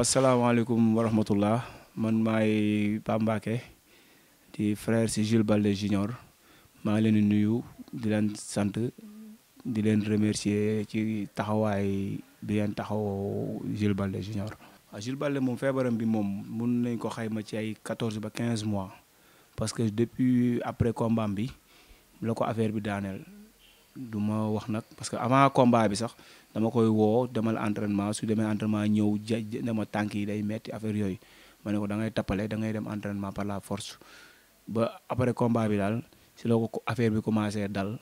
Salam alaikum wa rahmatullah man maay Pape Mbacké di frère c'est Jules Balde Junior maa ngi leen di nuyu santé, leen sant di remercier ci taxawaay bi ngeen taxaw Jules Balde Junior waaw Jules Baldé moom feebaram bi moom mun nañ ko xayma ci ay ba mois parce que depuis après combat bi la ko affaire bi daaneel du ma wax nag parce que avant combat bi sax dama koy woo demal entraînement su demee entraînement ñëw ja dama tànk yi day metti affaire yooyu ma ne ko da ngay tappale dangay dem entraînement par la force ba après combat bi daal si la ko affaire bi commencé dal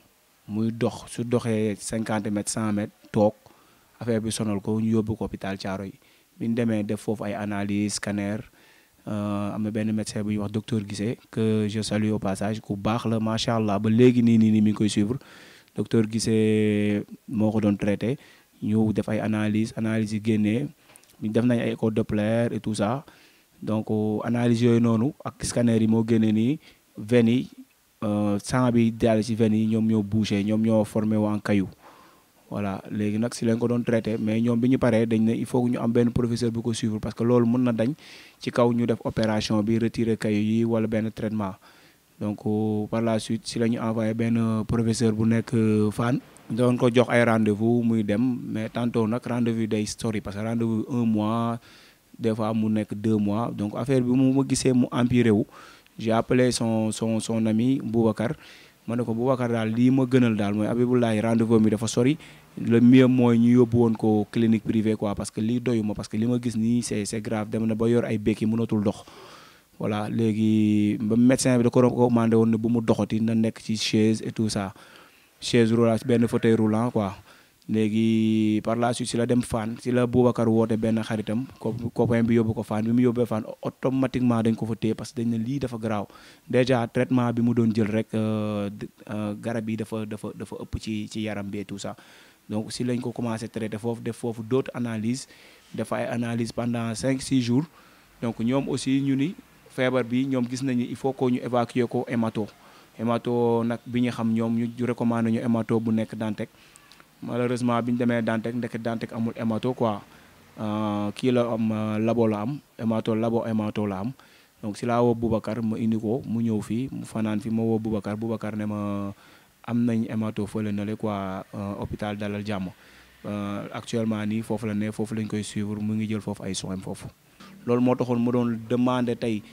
muy dox su doxee cinquante mètres cent mètres toog affaire bi sonal ko ñu yóbbu ko hôpital Thiaroye bi ñu demee def foofu ay analyse scanner Euh, am na benn médecin bu ñuy wax docteur Guissé que je salue au passage ku baax la macha allah ba léegi nii nii nii mi koy suivre docteur Guissé moo ko doon traité ñu def ay analyse analyse yi génnee def nañ ay écho Doppler et tout ça donc euh, analyse yooyu noonu ak scanner yi moo génnee nii veine yi euh, sang bi daal ci veine yi ñoom ñoo bouché ñoom ñoo formé wu en caillou voilà les nak si lañ ko doon traité mais ñom biñu paré dañ il faut que ñu am ben professeur bu ko suivre parce que loolu mën na dañ ci kaw ñu def opération bi retirer cailloux yi wala ben traitement donc euh, par la suite si lañu envoyé professeur bu nek euh, fan don ko jox ay rendez-vous muy dem mais tantôt nak rendez-vous day story parce que rendez-vous un mois des fois mu nek deux mois donc affaire bi mu ma gissé mu empiré wu j'ai appelé son son son ami Boubacar ma ne ko Boubacar daal lii ma gënal daal mooy Abiboulaye rendez-vous mi dafa sori le mieux mooy ñu yóbbu woon ko clinique privée quoi parce que lii doyuma parce que li ma gis nii c'est c'est grave dem na ba yor ay békki mënatul dox voilà léegi ba médecin bi da ko recommandé woon ne bu mu doxati na nekk ci chaise et tout ça chaise roulante benn fauteuil roulant quoi léegi par la suite si la dem Fann si la Boubacar woote benn xaritam copain bi yóbbu ko Fann bi mu yóbbee Fann automatiquement dañ ko fa téye parce que dañ ne lii dafa garaaw déjà traitement bi mu doon jël rek euh, euh, garab yi dafa dafa dafa ëpp ci ci yaram bee tout sax donc si lañ ko commencé traité foofu def foofu d'autres analyses def ay analyses pendant cinq six jours donc ñoom aussi ñu ni feebar bi ñoom gis nañu il faut que ñu évacuer ko hémato hémato nag bi ñu xam ñoom ñu recommandé ñu hémato bu nekk Dantec malheureusement bi ñu demee Dantec ndeket Dantec amul hémato quoi euh, kii la am euh, labo la am hémato labo hémato la am donc si laa woo Boubacar ma indi ko mu ñëw fii mu fanaan fi ma woo Boubacar Boubacar ne ma am nañ hémato fële na le quoi euh, hôpital Dalal Jàmm actuellement nii foofu la ne foofu lañ koy suivre mu ngi jël foofu ay soins foofu. loolu moo taxoon mu doon demander tey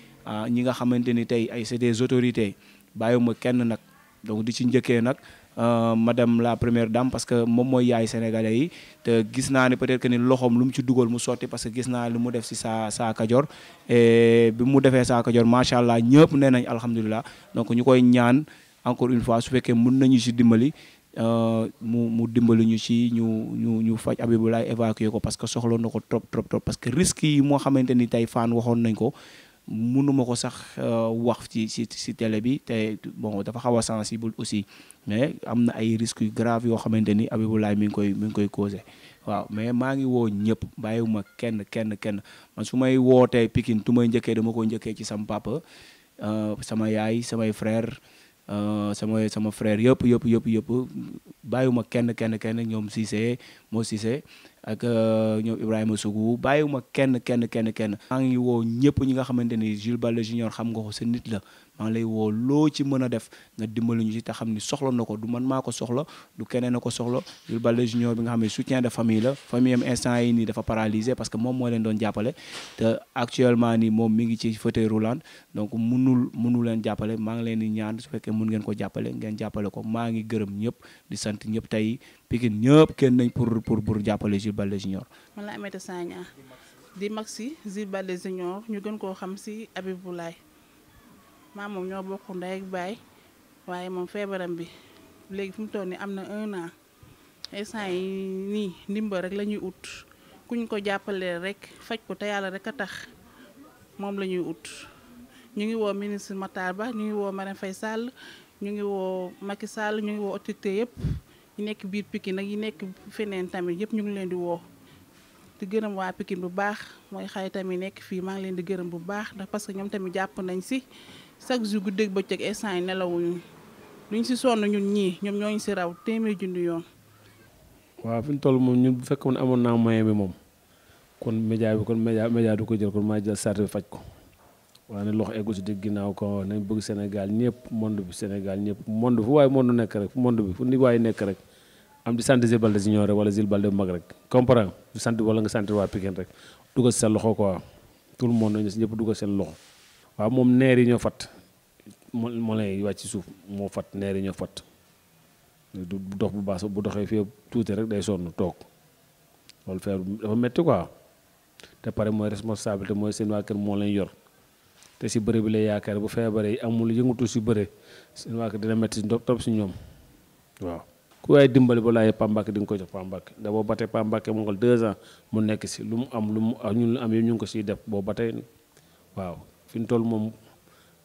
ñi nga xamante ni tey ay c'est des autorités bàyyiwuma kenn nag donc di ci njëkkee nag. Euh, madame la première dame parce que moom mooy yaay sénégalais yi te gis naa ne peut-être que ni loxoom lum mu ci dugal mu sotti parce que gis naa lu mu def si saa saa Kajoor et bi mu defee saa Kajoor macha allah ñëpp nee nañ alhamdulilah donc ñu koy ñaan encore une fois su fekkee mun nañu si dimbali. Euh, mu mu dimbali ñu ci ñu ñu ñu faj Abibulaay évacuer ko parce que soxla na ko trop trop trop parce que risque yi moo xamante ni tey Fann waxoon nañ ko mënuma ko sax euh, wax ci ci ci télé bi te bon dafa xaw a sensible aussi mais am na ay risques yu grave yoo xamante ni Abiboulaye mi ngi koy mi ngi koy causé waaw mais maa ngi woo ñëpp bàyyiwuma kenn kenn kenn man su may wootee pikin tu may njëkkee dama ko njëkkee ci sama papa euh, sama yaay samay frère euh, sama sama frère yëpp yëpp yëpp yëpp bàyyiwuma kenn kenn kenn ñoom Cissé moo Cissé ak euh, ñoom Ibrahima Sogu bàyyiwuma kenn kenn kenn kenn. maa ngi woo ñëpp ñi nga xamante ni Jules Baldé Junior xam nga ko sa nit la ma ngi lay woo loo ci mën a def nga dimbali ñu ci te xam ni soxla na ko du man maa ko soxla du keneen na ko soxla Jules Baldé Junior bi nga xam ne soutien de famille la famille am instant yi nii dafa paralysé parce que moom moo leen doon jàppale te actuellement nii moom mi ngi ci fauteuil roulant donc mënul mënul leen jàppale maa ngi leen di ñaan su fekkee mun ngeen ko jàppale ngeen jàppale ko maa ngi gërëm ñëpp di sant ñëpp tey Pikine ñëpp kenn nañ pour pour pour jàppale Jules Baldé Junior. man la Ameth Sagna di mag si Jules Baldé Junior ñu gën koo xam si Habibou Laye maa moom ñoo bokk ndey ak baay waaye moom feebaram bi léegi fi mu toll nii am na un an instant yi nii ndimbal rek la ñuy ut kuñ ko jàppalee rek faj ko te yàlla rek a tax moom la ñuy ut. ñu ngi woo ministre Matar Ba ñu ngi woo Marème Faye Sall ñu ngi woo Macky Sall ñu ngi woo autorité yëpp. yi nekk biir Pikine nag yi nekk feneen tamit yëpp ñu ngi leen di woo di gërëm waa Pikine bu baax mooy xay tamit nekk fii maa ngi leen di gërëm bu baax ndax parce que ñoom tamit jàpp nañ si chaque jour guddeeg bëccëg instant yi nelawuñu ñu si sonn ñun ñii ñoom ñooñu si raw téeméer junni yoon. waaw fi ñu toll moom ñun bu fekkoon amoon naa moyen bi moom kon média bi kon média média du ko jël kon maa jël bi faj ko. wala ne loxo eggu si digg ko nañ bëgg Sénégal ñëpp monde bi Sénégal ñëpp monde fu way monde nek rek monde bi fu ni way nek rek am di sant Jules de Junior wala Jules Baldé bu mag rek comprendre du sant wala nga sant wa Pikine rek dugal si sa loxo quoi tout le monde ñun ñëpp dugal seen loxo wa mom neer yi ñoo fat mo lay wacc ci suuf moo fat neer yi ñoo fat du dox bu baax bu doxee fi touté rek day sonu tok lol feer dafa metti quoi té paré moy responsabilité moy seen waa kër mo leen yor. te si bëre bi lay yaakaar bu feebaree amul yëngutu si bëre sin waa dina metti ndop top si ñoom waaw. ku waaye dimbali ba laajee Pambak di nga ko jox Pambak da boo batee Pambak mu ngal deux ans mu nekk si lu mu am lu mu ah, ñu am yëpp ñu ngi ko siy def boo batee waaw fi mu toll moom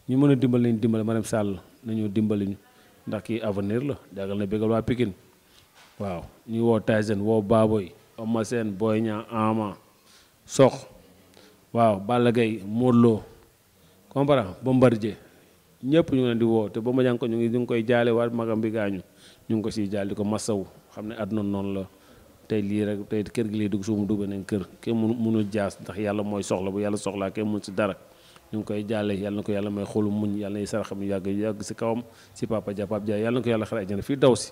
ñu mën a dimbali dimbali ma Sall dimbali ñu ndax kii avenir la jàngal na bégal waa Pikine waaw ñu woo Tyson woo Baboy Eumeu sen Boy Niang Ama sox waaw Balla gay Modou comprend Bombardier ñëpp ñu ngi di woo te Bombardier ko ñu ngi ñu ngi koy jaale waat magam bi gaañu ñu ngi ko siy jaal di ko masawu xam ne àdduna noonu la tey lii rek tey kër gi lay dugg su mu dugg beneen kër kenn mënu mënul jaas ndax yàlla mooy soxla bu yàlla soxlaa kenn mënu si dara ñu ngi koy jaale yàlla na ko yàlla may xolu muñ yàlla nay saraxam yàgg yàgg si kawam si papa ja pap ja yàlla na ko yàlla xare ajjana fii daw si